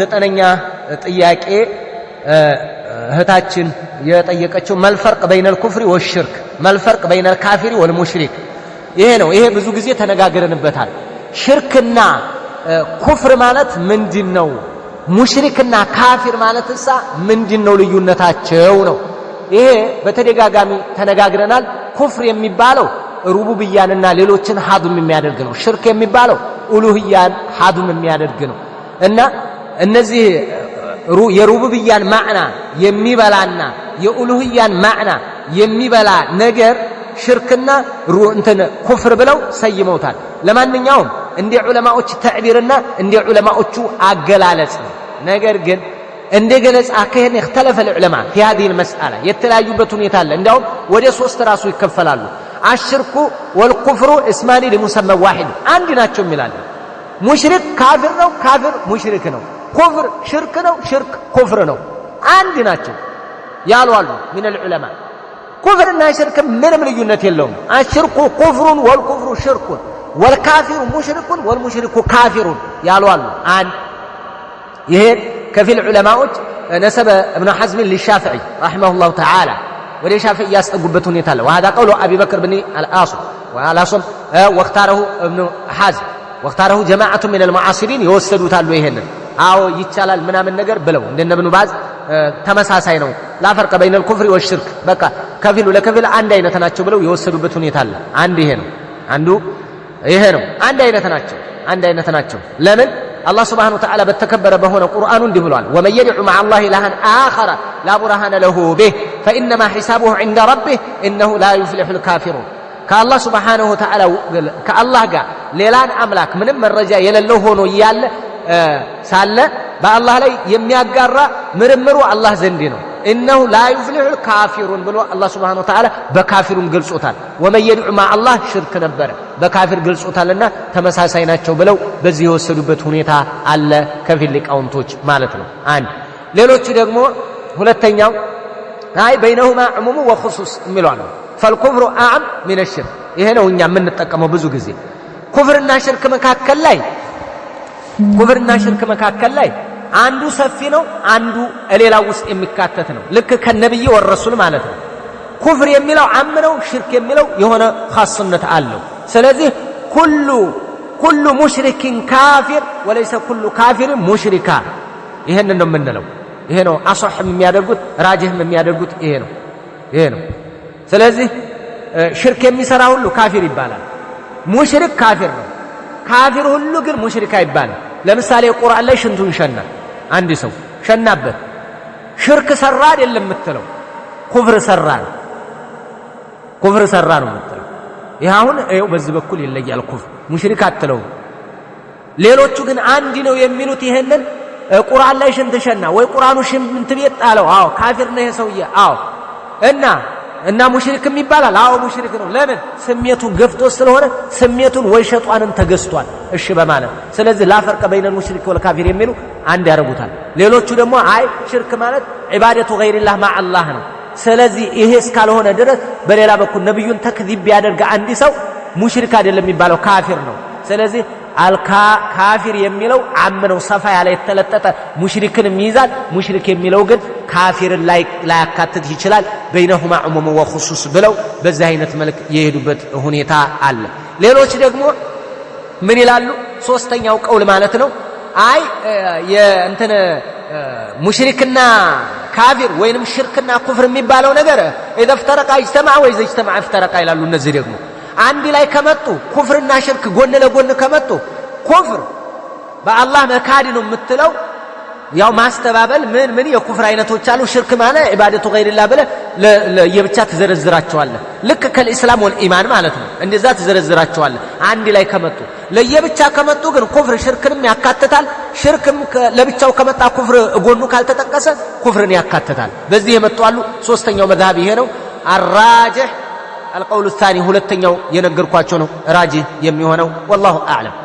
ዘጠነኛ ጥያቄ እህታችን የጠየቀችው መልፈርቅ በይነል ኩፍሪ ወሽርክ፣ መልፈርቅ በይነል ካፊሪ ወልሙሽሪክ ይሄ ነው። ይሄ ብዙ ጊዜ ተነጋግረንበታል። ሽርክና ኩፍር ማለት ምንድን ነው? ሙሽሪክና ካፊር ማለት እሳ ምንድን ነው ልዩነታቸው ነው። ይሄ በተደጋጋሚ ተነጋግረናል። ኩፍር የሚባለው ሩቡብያንና ሌሎችን ሀዱም የሚያደርግ ነው። ሽርክ የሚባለው ኡሉህያን ሀዱም የሚያደርግ ነው እና እነዚህ የሩቡብያን ማዕና የሚበላና የኡሉህያን ማዕና የሚበላ ነገር ሽርክና እንትን ኩፍር ብለው ሰይመውታል። ለማንኛውም እንደ ዑለማዎች ተዕቢርና እንደ ዑለማዎቹ አገላለጽ ነው። ነገር ግን እንደ ገለጻ አካሄድ እክተለፈ ልዑለማ ፊ መስአላ የተለያዩበት ሁኔታ አለ። እንዲያውም ወደ ሶስት ራሱ ይከፈላሉ። አሽርኩ ወልኩፍሩ እስማኒ ሊሙሰመን ዋሂድ አንድ ናቸው የሚላለ ሙሽሪክ ካፍር ነው፣ ካፍር ሙሽሪክ ነው። كفر شرك نو شرك كفر نو عندنا ناتشو يا الوالو من العلماء كفر الناس شرك من من يونتي اللوم الشرك كفر والكفر شرك والكافر مشرك والمشرك كافر يا الوالو عن يهد كفي العلماء نسب ابن حزم للشافعي رحمه الله تعالى وليش الشافعي ياس قبتون وهذا قول ابي بكر بن الأصل الاصم والاصم آه، واختاره ابن حزم واختاره جماعه من المعاصرين يوسدوا تعالوا يهنن አዎ ይቻላል ምናምን ነገር ብለው እንደነ ኢብኑ ባዝ ተመሳሳይ ነው። ላፈርቀ በይነል ኩፍሪ ወሽርክ በቃ ከፊሉ ለከፊል አንድ አይነት ናቸው ብለው የወሰዱበት ሁኔታ አለ። አንድ ይሄ ነው፣ አንዱ ይሄ ነው። አንድ አይነት ናቸው፣ አንድ አይነት ናቸው። ለምን አላህ ስብሓነሁ ወተዓላ በተከበረ በሆነ ቁርአኑ እንዲህ ብሏል፣ ወመን የድዑ መዓ ላሂ ኢላሃን አኸረ ላ ቡርሃነ ለሁ ቢህ ፈኢነማ ሒሳቡሁ ዒንደ ረቢህ ኢነሁ ላ ዩፍሊሑል ካፊሩን። ከአላህ ስብሓነሁ ወተዓላ ከአላህ ጋር ሌላን አምላክ ምንም መረጃ የሌለው ሆኖ እያለ ሳለ በአላህ ላይ የሚያጋራ ምርምሩ አላህ ዘንድ ነው። እነሁ ላ ዩፍሊሑል ካፊሩን ብሎ አላህ ሱብሓነሁ ወተዓላ በካፊሩን ገልጾታል። ወመን የድዑ ማ አላህ ሽርክ ነበረ በካፊር ገልጾታልና ተመሳሳይ ናቸው ብለው በዚህ የወሰዱበት ሁኔታ አለ ከፊል ሊቃውንቶች ማለት ነው። አንድ ሌሎቹ ደግሞ ሁለተኛው አይ በይነሁማ ዕሙሙ ወኹሱስ የሚሏል ነው። ፈልኩፍሩ አዕም ሚነ ሽርክ ይሄ ነው እኛ የምንጠቀመው ብዙ ጊዜ ኩፍርና ሽርክ መካከል ላይ ኩፍርና ሽርክ መካከል ላይ አንዱ ሰፊ ነው፣ አንዱ ሌላው ውስጥ የሚካተት ነው። ልክ ከነብይ ወረሱል ማለት ነው። ኩፍር የሚለው አም ነው። ሽርክ የሚለው የሆነ ኻስነት አለው። ስለዚህ ኩሉ ኩሉ ሙሽሪኪን ካፊር ወለይሰ ኩሉ ካፊር ሙሽሪካ ይሄንን ነው የምንለው። ይሄ ነው አሶሕም የሚያደርጉት ራጅህም የሚያደርጉት ይሄ ነው ይሄ ነው። ስለዚህ ሽርክ የሚሰራ ሁሉ ካፊር ይባላል። ሙሽሪክ ካፊር ነው። ካፊር ሁሉ ግን ሙሽሪካ ይባላል። ለምሳሌ ቁርአን ላይ ሽንቱን ሸና አንድ ሰው ሸናበት፣ ሽርክ ሰራ አይደለም የምትለው ኩፍር ሰራ ነው። ኩፍር ሰራ ነው የምትለው። ይህ አሁን ይኸው በዚህ በኩል ይለያል። ኩፍር ሙሽሪክ አትለውም። ሌሎቹ ግን አንድ ነው የሚሉት ይህንን ቁርአን ላይ ሽንት ሸና ወይ ቁርአኑ ሽንት ቤት ጣለው። አዎ ካፊር ነው ይሄ ሰውዬ። አዎ እና እና ሙሽሪክም ይባላል። አዎ ሙሽሪክ ነው። ለምን ስሜቱን ገፍቶ ስለሆነ ስሜቱን ወይ ሸጧንን ተገዝቷል፣ እሺ በማለት ስለዚህ ላፈርቀ በይነል ሙሽሪክ ወልካፊር የሚሉ አንድ ያደርጉታል። ሌሎቹ ደግሞ አይ ሽርክ ማለት ዒባደቱ ገይሪላህ ማዓላህ ነው። ስለዚህ ይሄ እስካልሆነ ድረስ በሌላ በኩል ነቢዩን ተክዚብ ቢያደርግ አንድ ሰው ሙሽሪክ አይደለም የሚባለው ካፊር ነው። ስለዚህ ካፊር የሚለው አምነው ሰፋ ያለ የተለጠጠ ሙሽሪክንም ይይዛል። ሙሽሪክ የሚለው ግን ካፊርን ላያካትት ይችላል። በይነሁማ ዑሙም ወኹሱስ ብለው በዚህ አይነት መልክ የሄዱበት ሁኔታ አለ። ሌሎች ደግሞ ምን ይላሉ? ሶስተኛው ቀውል ማለት ነው አይ የእንትን ሙሽሪክና ካፊር ወይንም ሽርክና ኩፍር የሚባለው ነገር ኢዘ ፍተረቃ እጅተማዐ ወይዘ እጅተማዐ ፍተረቃ ይላሉ። እነዚህ ደግሞ አንድ ላይ ከመጡ ኩፍርና ሽርክ ጎን ለጎን ከመጡ ኩፍር በአላህ መካድ ነው የምትለው ያው ማስተባበል ምን ምን የኩፍር አይነቶች አሉ። ሽርክ ማለት ኢባደቱ ገይርላ ብለ ለየብቻ ትዘረዝራቸዋለ ልክ ከልእስላም ወልኢማን ማለት ነው። እንደዛ ትዘረዝራቸዋለ አንድ ላይ ከመጡ ለየብቻ ከመጡ ግን ኩፍር ሽርክንም ያካትታል። ሽርክም ለብቻው ከመጣ ኩፍር ጎኑ ካልተጠቀሰ ኩፍርን ያካትታል። በዚህ የመጡ አሉ። ሶስተኛው መዝሃብ ይሄ ነው አራጅህ القول الثاني هو لتنيو ينقر كواتشونو راجي يمي والله أعلم